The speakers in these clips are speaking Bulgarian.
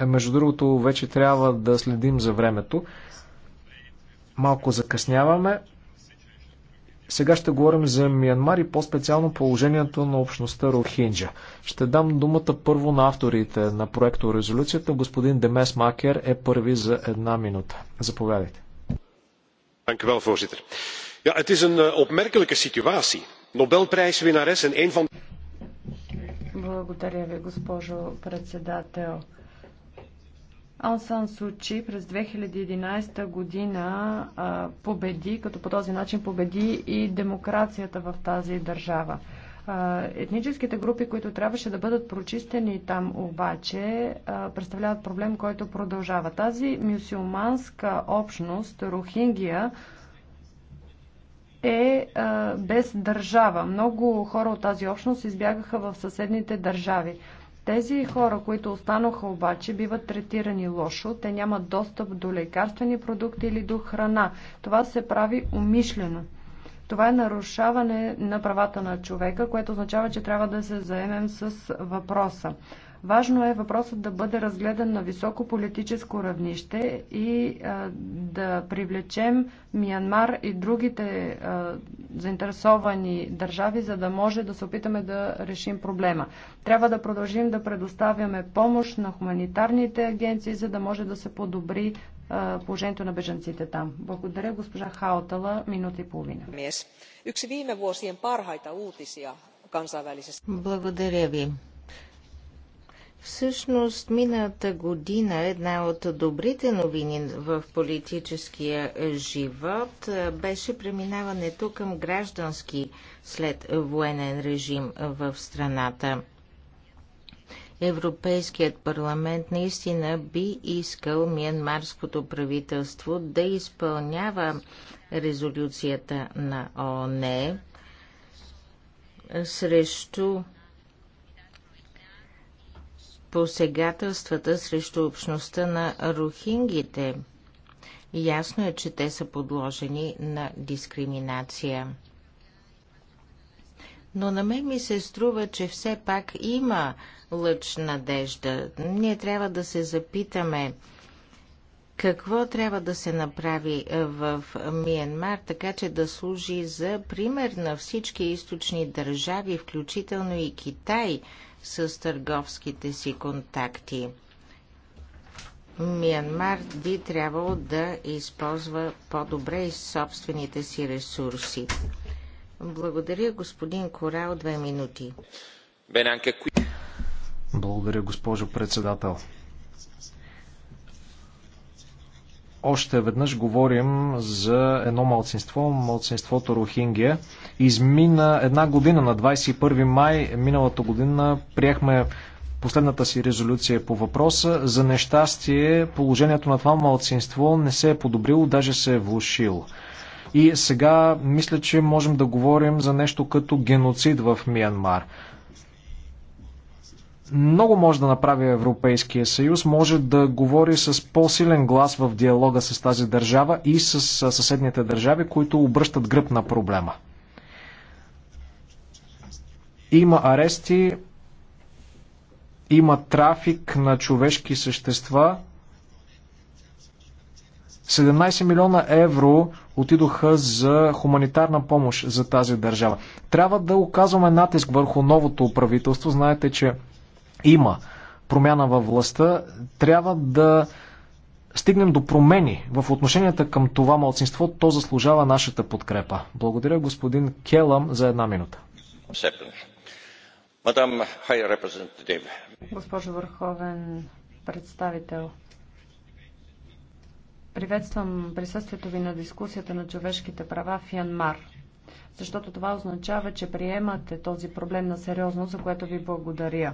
Е, между другото, вече трябва да следим за времето. Малко закъсняваме. Сега ще говорим за Миянмар и по-специално положението на общността Рохинджа. Ще дам думата първо на авторите на проекто резолюцията. Господин Демес Макер е първи за една минута. Заповядайте. Eh, Благодаря ви, госпожо председател. Аун Сан Сучи през 2011 година а, победи, като по този начин победи и демокрацията в тази държава. А, етническите групи, които трябваше да бъдат прочистени там обаче, а, представляват проблем, който продължава. Тази мюсюлманска общност, Рохингия, е а, без държава. Много хора от тази общност избягаха в съседните държави. Тези хора, които останаха обаче, биват третирани лошо. Те нямат достъп до лекарствени продукти или до храна. Това се прави умишлено. Това е нарушаване на правата на човека, което означава, че трябва да се заемем с въпроса. Важно е въпросът да бъде разгледан на високо политическо равнище и да привлечем Миянмар и другите заинтересовани държави, за да може да се опитаме да решим проблема. Трябва да продължим да предоставяме помощ на хуманитарните агенции, за да може да се подобри положението на бежанците там. Благодаря госпожа Хаотала, минута и половина. Благодаря ви. Всъщност, миналата година е една от добрите новини в политическия живот е, беше преминаването към граждански след военен режим в страната. Европейският парламент наистина би искал Миянмарското правителство да изпълнява резолюцията на ООН срещу посегателствата срещу общността на рухингите. Ясно е, че те са подложени на дискриминация. Но на мен ми се струва, че все пак има лъч надежда. Ние трябва да се запитаме какво трябва да се направи в Миенмар, така че да служи за пример на всички източни държави, включително и Китай, с търговските си контакти. Миянмар би трябвало да използва по-добре и собствените си ресурси. Благодаря, господин Корал, две минути. Благодаря, госпожо председател. Още веднъж говорим за едно малцинство, малцинството Рохингия. Измина една година, на 21 май миналата година приехме последната си резолюция по въпроса. За нещастие положението на това малцинство не се е подобрило, даже се е влушило. И сега мисля, че можем да говорим за нещо като геноцид в Миянмар. Много може да направи Европейския съюз, може да говори с по-силен глас в диалога с тази държава и с съседните държави, които обръщат гръб на проблема. Има арести, има трафик на човешки същества. 17 милиона евро отидоха за хуманитарна помощ за тази държава. Трябва да оказваме натиск върху новото правителство. Знаете, че има промяна във властта, трябва да стигнем до промени в отношенията към това малцинство, то заслужава нашата подкрепа. Благодаря господин Келам за една минута. Госпожо Върховен представител, приветствам присъствието ви на дискусията на човешките права в Янмар защото това означава, че приемате този проблем на сериозно, за което ви благодаря.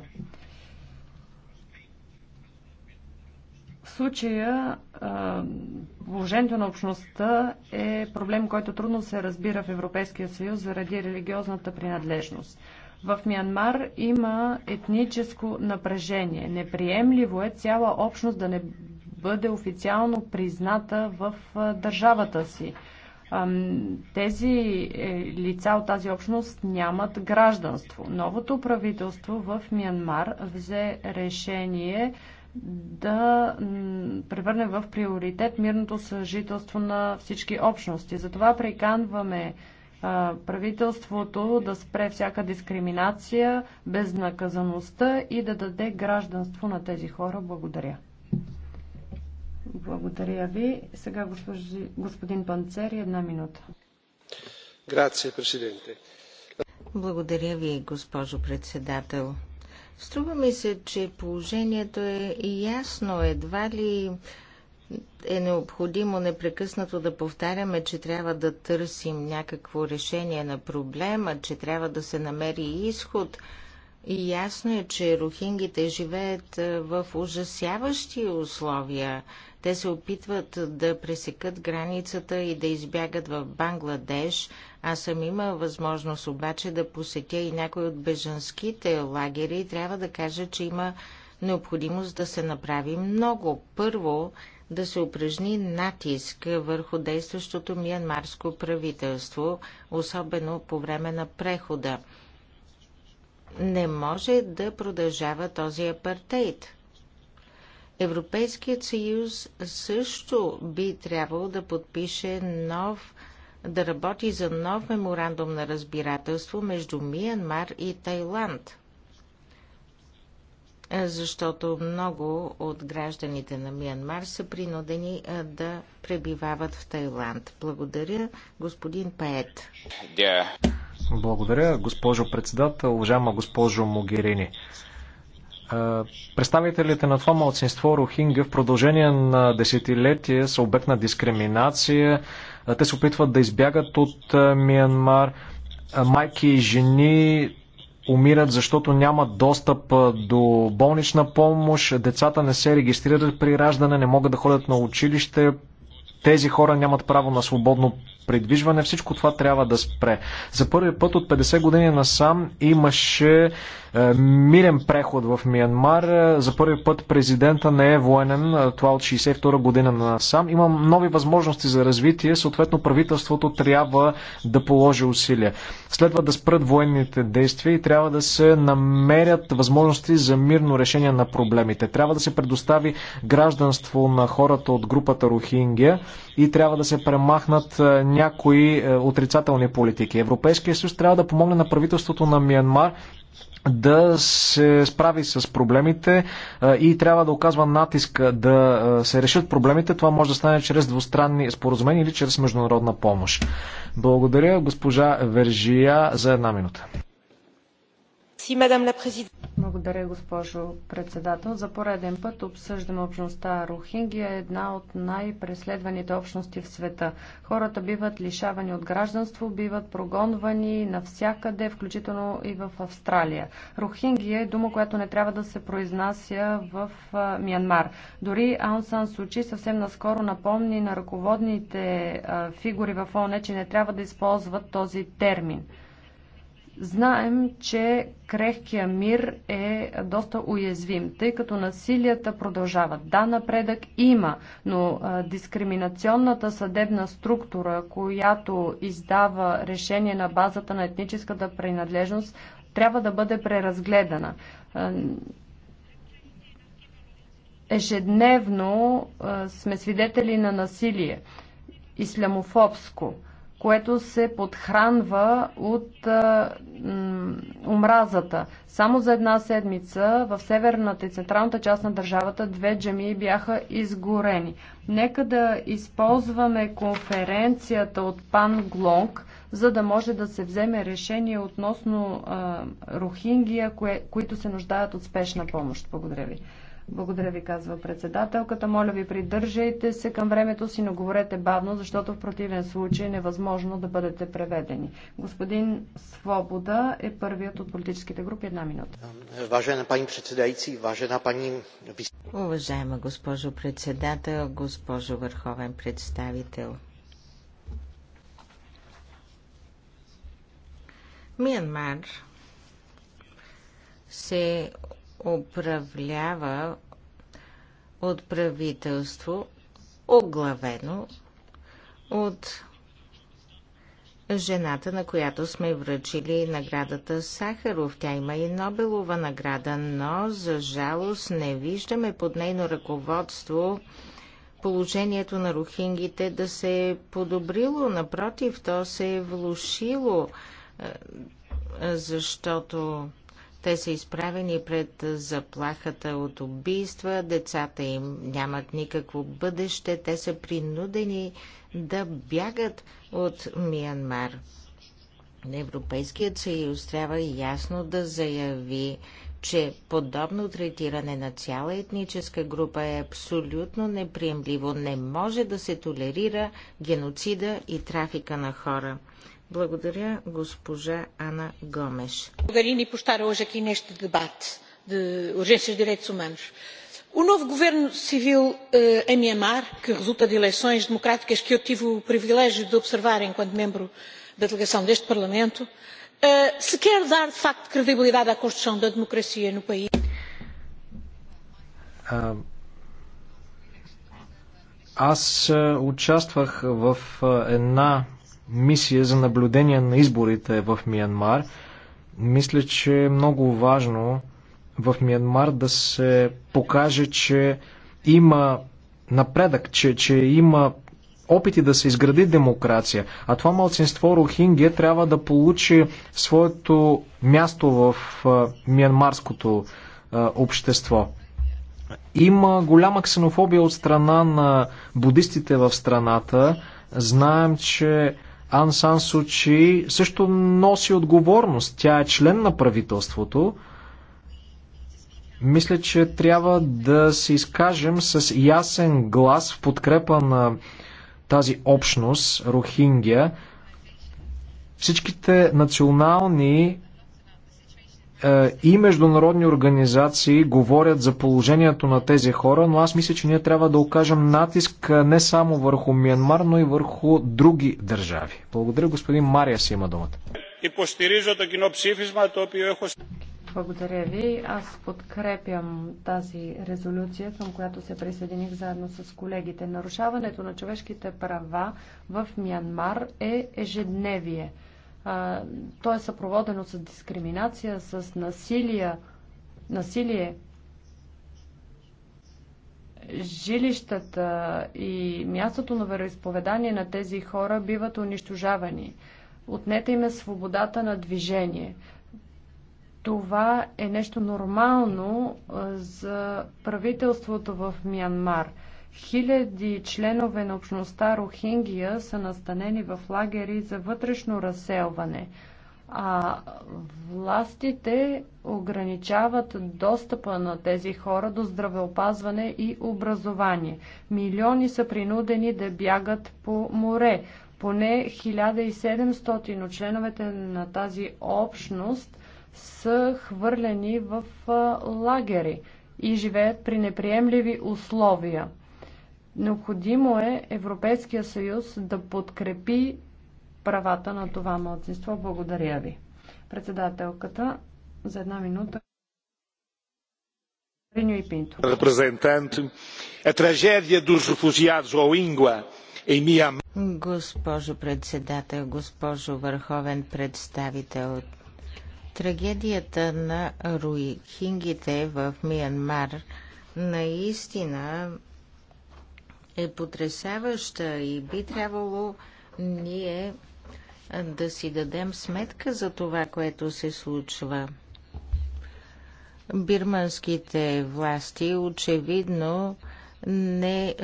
случая положението на общността е проблем, който трудно се разбира в Европейския съюз заради религиозната принадлежност. В Мянмар има етническо напрежение. Неприемливо е цяла общност да не бъде официално призната в държавата си. Тези е, лица от тази общност нямат гражданство. Новото правителство в Мянмар взе решение да превърне в приоритет мирното съжителство на всички общности. Затова приканваме правителството да спре всяка дискриминация, безнаказаността и да даде гражданство на тези хора. Благодаря. Благодаря ви. Сега госпожи, господин Панцери, една минута. Благодаря ви, госпожо председател. Струва ми се, че положението е ясно. Едва ли е необходимо непрекъснато да повтаряме, че трябва да търсим някакво решение на проблема, че трябва да се намери изход – и ясно е, че рухингите живеят в ужасяващи условия. Те се опитват да пресекат границата и да избягат в Бангладеш. Аз съм има възможност обаче да посетя и някой от бежанските лагери трябва да кажа, че има необходимост да се направи много. Първо, да се упражни натиск върху действащото миянмарско правителство, особено по време на прехода. Не може да продължава този апартейт. Европейският съюз също би трябвало да подпише нов, да работи за нов меморандум на разбирателство между Миянмар и Тайланд. Защото много от гражданите на Миянмар са принудени да пребивават в Тайланд. Благодаря, господин Пает. Yeah. Благодаря, госпожо председател, уважаема госпожо Могерини. Представителите на това малцинство Рохинга в продължение на десетилетия са обект на дискриминация. Те се опитват да избягат от Миянмар. Майки и жени умират, защото нямат достъп до болнична помощ. Децата не се регистрират при раждане, не могат да ходят на училище. Тези хора нямат право на свободно придвижване. Всичко това трябва да спре. За първи път от 50 години насам имаше е, мирен преход в Миянмар. Е, за първи път президента не е военен, е, това от 62 година на сам. Има нови възможности за развитие, съответно правителството трябва да положи усилия. Следва да спрат военните действия и трябва да се намерят възможности за мирно решение на проблемите. Трябва да се предостави гражданство на хората от групата Рохингия и трябва да се премахнат някои отрицателни политики. Европейския съюз трябва да помогне на правителството на Миянмар да се справи с проблемите и трябва да оказва натиска да се решат проблемите. Това може да стане чрез двустранни споразумения или чрез международна помощ. Благодаря госпожа Вержия за една минута. Благодаря, госпожо председател. За пореден път обсъждаме общността Рохингия, една от най-преследваните общности в света. Хората биват лишавани от гражданство, биват прогонвани навсякъде, включително и в Австралия. Рохингия е дума, която не трябва да се произнася в Мянмар. Дори Аун Сан Сучи съвсем наскоро напомни на ръководните фигури в ОНЕ, че не трябва да използват този термин. Знаем, че крехкия мир е доста уязвим, тъй като насилията продължават. Да, напредък има, но дискриминационната съдебна структура, която издава решение на базата на етническата принадлежност, трябва да бъде преразгледана. Ежедневно сме свидетели на насилие, Исламофобско което се подхранва от а, м, омразата. Само за една седмица в северната и централната част на държавата две джамии бяха изгорени. Нека да използваме конференцията от Пан Глонг, за да може да се вземе решение относно а, рохингия, кое, които се нуждаят от спешна помощ. Благодаря ви. Благодаря ви, казва председателката. Моля ви, придържайте се към времето си, но говорете бавно, защото в противен случай е невъзможно да бъдете преведени. Господин Свобода е първият от политическите групи. Една минута. Важена пани председайци, важена пани... Уважаема госпожо председател, госпожо върховен представител. Миянмар се управлява от правителство, оглавено от жената, на която сме връчили наградата Сахаров. Тя има и Нобелова награда, но за жалост не виждаме под нейно ръководство положението на рухингите да се е подобрило. Напротив, то се е влушило, е, защото те са изправени пред заплахата от убийства, децата им нямат никакво бъдеще, те са принудени да бягат от Миянмар. Европейският съюз трябва ясно да заяви, че подобно третиране на цяла етническа група е абсолютно неприемливо. Не може да се толерира геноцида и трафика на хора. Благодаря, госпожа Ана Гомеш. hoje aqui neste debate de urgências de direitos humanos. O novo governo civil uh, em Myanmar, que resulta de eleições democráticas que eu tive o privilégio de observar enquanto membro da delegação deste Parlamento, uh, se quer dar de facto credibilidade à construção da democracia no país. Аз участвах в една мисия за наблюдение на изборите в Миянмар. Мисля, че е много важно в Миянмар да се покаже, че има напредък, че, че има опити да се изгради демокрация. А това малцинство Рохингия трябва да получи своето място в миянмарското общество. Има голяма ксенофобия от страна на будистите в страната. Знаем, че Ансан Сучи също носи отговорност. Тя е член на правителството. Мисля, че трябва да се изкажем с ясен глас в подкрепа на тази общност, Рохингия. Всичките национални е, и международни организации говорят за положението на тези хора, но аз мисля, че ние трябва да окажем натиск е, не само върху Миянмар, но и върху други държави. Благодаря, господин Мария си има думата. Благодаря ви. Аз подкрепям тази резолюция, към която се присъединих заедно с колегите. Нарушаването на човешките права в Миянмар е ежедневие а, то е съпроводено с дискриминация, с насилие, насилие. Жилищата и мястото на вероисповедание на тези хора биват унищожавани. Отнета им е свободата на движение. Това е нещо нормално за правителството в Мянмар – Хиляди членове на общността Рохингия са настанени в лагери за вътрешно разселване, а властите ограничават достъпа на тези хора до здравеопазване и образование. Милиони са принудени да бягат по море. Поне 1700 от членовете на тази общност са хвърлени в лагери и живеят при неприемливи условия. Необходимо е Европейския съюз да подкрепи правата на това младсинство. Благодаря ви. Председателката за една минута. Риньо и Пинто. Репрезентант. Госпожо председател, госпожо върховен представител, трагедията на руихингите в Миянмар наистина е потрясаваща и би трябвало ние да си дадем сметка за това, което се случва. Бирманските власти очевидно не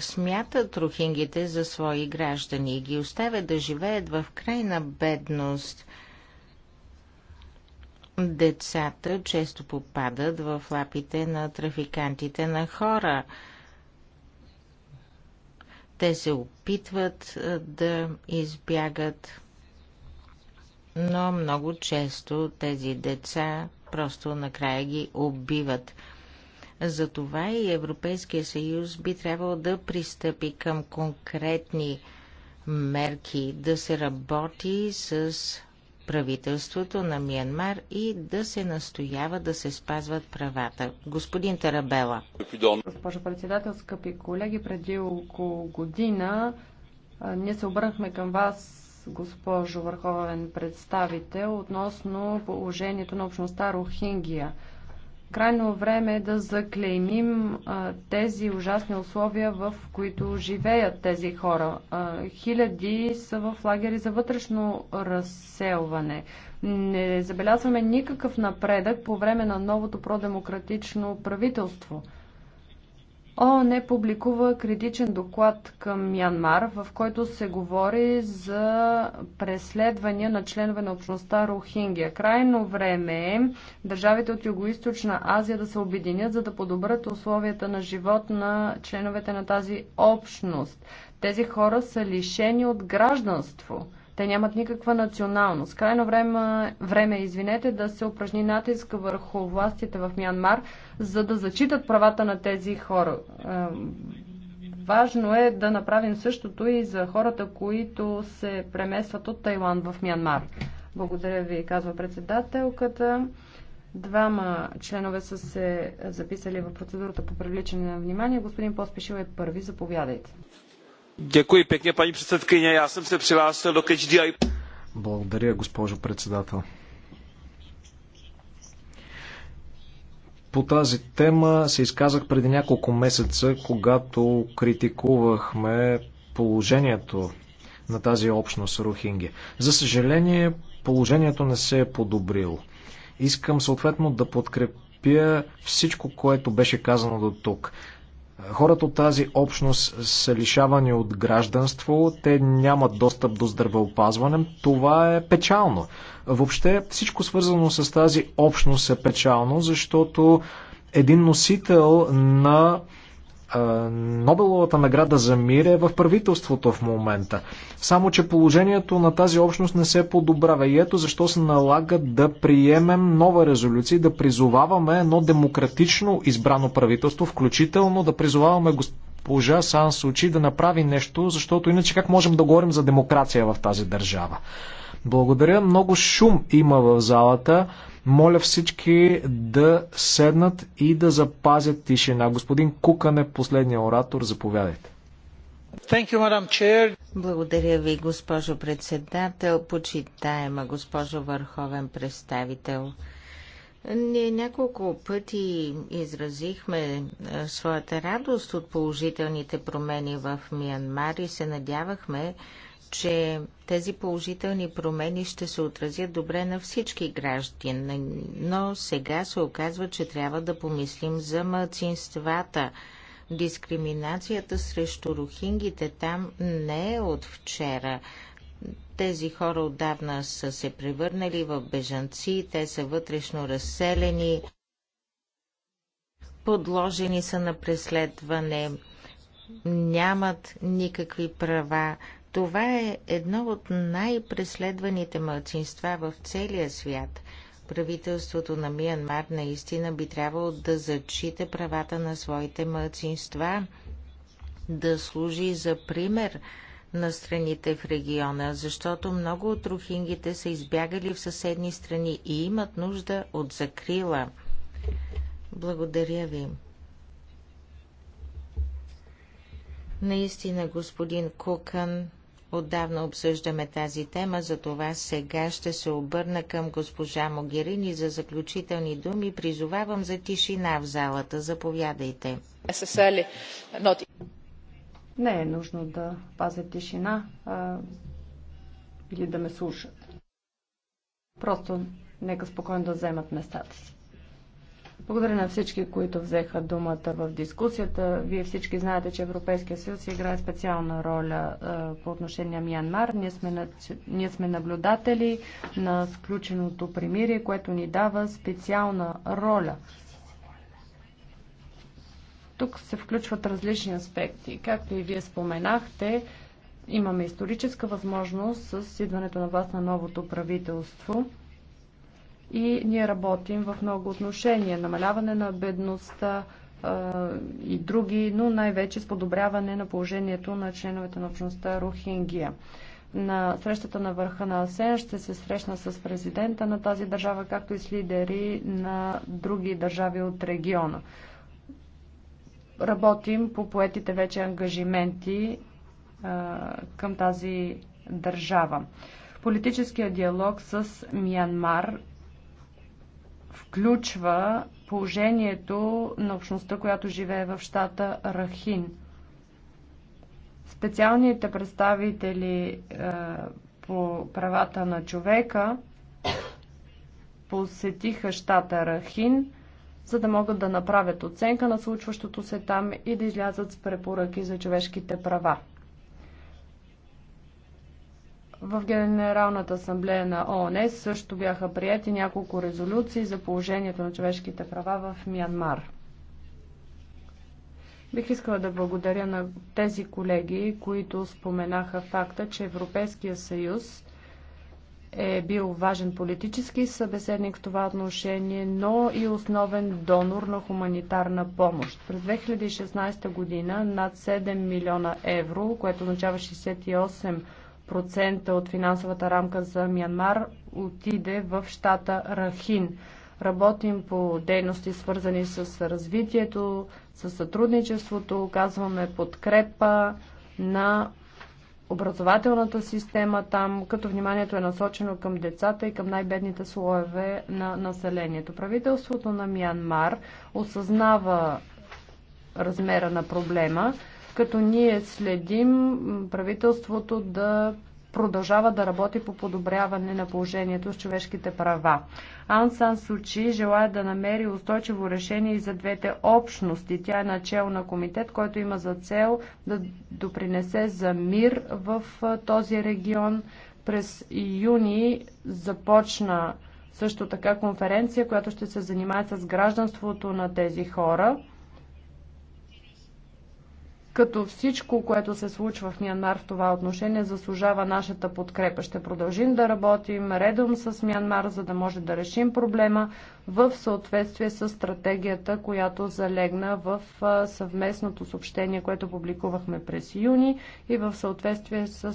смятат рухингите за свои граждани и ги оставят да живеят в крайна бедност. Децата често попадат в лапите на трафикантите на хора – те се опитват да избягат, но много често тези деца просто накрая ги убиват. Затова и Европейския съюз би трябвало да пристъпи към конкретни мерки, да се работи с правителството на Миянмар и да се настоява да се спазват правата. Господин Тарабела. Госпожо председател, скъпи колеги, преди около година ние се обърнахме към вас госпожо върховен представител, относно положението на общността Рохингия. Крайно време е да заклеймим а, тези ужасни условия, в които живеят тези хора. А, хиляди са в лагери за вътрешно разселване. Не забелязваме никакъв напредък по време на новото продемократично правителство – ООН е публикува критичен доклад към Мянмар, в който се говори за преследвания на членове на общността Рохингия. Крайно време е държавите от Юго-Источна Азия да се обединят, за да подобрят условията на живот на членовете на тази общност. Тези хора са лишени от гражданство. Те нямат никаква националност. Крайно време, време е, извинете, да се упражни натиск върху властите в Мянмар, за да зачитат правата на тези хора. Е, важно е да направим същото и за хората, които се преместват от Тайланд в Мянмар. Благодаря ви, казва председателката. Двама членове са се записали в процедурата по привличане на внимание. Господин Поспешил е първи. Заповядайте. Благодаря, госпожо председател. По тази тема се изказах преди няколко месеца, когато критикувахме положението на тази общност Рухинги. За съжаление, положението не се е подобрило. Искам съответно да подкрепя всичко, което беше казано до тук. Хората от тази общност са лишавани от гражданство, те нямат достъп до здравеопазване. Това е печално. Въобще всичко свързано с тази общност е печално, защото един носител на Нобеловата награда за мир е в правителството в момента. Само, че положението на тази общност не се подобрява. И ето защо се налага да приемем нова резолюция и да призоваваме едно демократично избрано правителство, включително да призоваваме госпожа Сан Сучи да направи нещо, защото иначе как можем да говорим за демокрация в тази държава? Благодаря. Много шум има в залата. Моля всички да седнат и да запазят тишина. Господин Кукане, е последния оратор. Заповядайте. You, Благодаря ви, госпожо председател, почитаема госпожо върховен представител. Ние няколко пъти изразихме своята радост от положителните промени в Миянмар и се надявахме, че тези положителни промени ще се отразят добре на всички граждани, но сега се оказва, че трябва да помислим за мълцинствата. Дискриминацията срещу рухингите там не е от вчера. Тези хора отдавна са се превърнали в бежанци, те са вътрешно разселени, подложени са на преследване, нямат никакви права. Това е едно от най-преследваните мълчинства в целия свят. Правителството на Миянмар наистина би трябвало да зачита правата на своите мълчинства, да служи за пример на страните в региона, защото много от рухингите са избягали в съседни страни и имат нужда от закрила. Благодаря ви. Наистина, господин Кукън, Отдавна обсъждаме тази тема, затова сега ще се обърна към госпожа Могерини за заключителни думи. Призовавам за тишина в залата. Заповядайте. Не е нужно да пазя тишина а, или да ме слушат. Просто нека спокойно да вземат местата си. Благодаря на всички, които взеха думата в дискусията. Вие всички знаете, че Европейския съюз играе специална роля е, по отношение на Миянмар. Ние сме, ние сме наблюдатели на сключеното примирие, което ни дава специална роля. Тук се включват различни аспекти. Както и вие споменахте, имаме историческа възможност с идването на вас на новото правителство – и ние работим в много отношения. Намаляване на бедността и други, но най-вече с подобряване на положението на членовете на общността Рухингия. На срещата на върха на АСЕН ще се срещна с президента на тази държава, както и с лидери на други държави от региона. Работим по поетите вече ангажименти а, към тази държава. Политическия диалог с Миянмар включва положението на общността, която живее в щата Рахин. Специалните представители е, по правата на човека посетиха щата Рахин, за да могат да направят оценка на случващото се там и да излязат с препоръки за човешките права. В Генералната асамблея на ООН също бяха прияти няколко резолюции за положението на човешките права в Миянмар. Бих искала да благодаря на тези колеги, които споменаха факта, че Европейския съюз е бил важен политически събеседник в това отношение, но и основен донор на хуманитарна помощ. През 2016 година над 7 милиона евро, което означава 68 10% от финансовата рамка за Миянмар отиде в щата Рахин. Работим по дейности, свързани с развитието, с сътрудничеството, оказваме подкрепа на образователната система там, като вниманието е насочено към децата и към най-бедните слоеве на населението. Правителството на Миянмар осъзнава размера на проблема като ние следим правителството да продължава да работи по подобряване на положението с човешките права. Ан Сан Сучи желая да намери устойчиво решение и за двете общности. Тя е начал на комитет, който има за цел да допринесе за мир в този регион. През юни започна също така конференция, която ще се занимае с гражданството на тези хора като всичко, което се случва в Мянмар в това отношение, заслужава нашата подкрепа. Ще продължим да работим редом с Мянмар, за да може да решим проблема в съответствие с стратегията, която залегна в съвместното съобщение, което публикувахме през юни и в съответствие с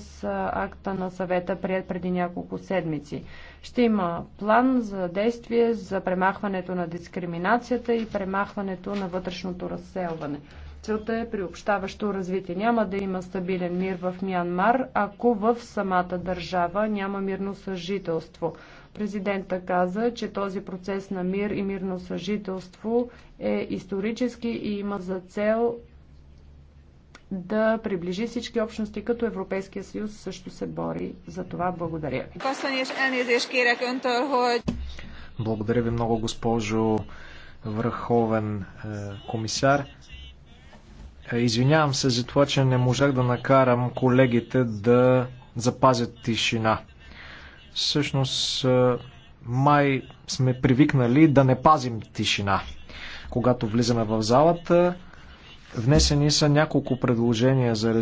акта на съвета, пред преди няколко седмици. Ще има план за действие за премахването на дискриминацията и премахването на вътрешното разселване. Целта е приобщаващо развитие. Няма да има стабилен мир в Мянмар, ако в самата държава няма мирно съжителство. Президента каза, че този процес на мир и мирно съжителство е исторически и има за цел да приближи всички общности, като Европейския съюз също се бори за това. Благодаря ви. Благодаря ви много, госпожо Върховен е, комисар. Е, извинявам се за това, че не можах да накарам колегите да запазят тишина. Всъщност, е, май сме привикнали да не пазим тишина. Когато влизаме в залата, внесени са няколко предложения за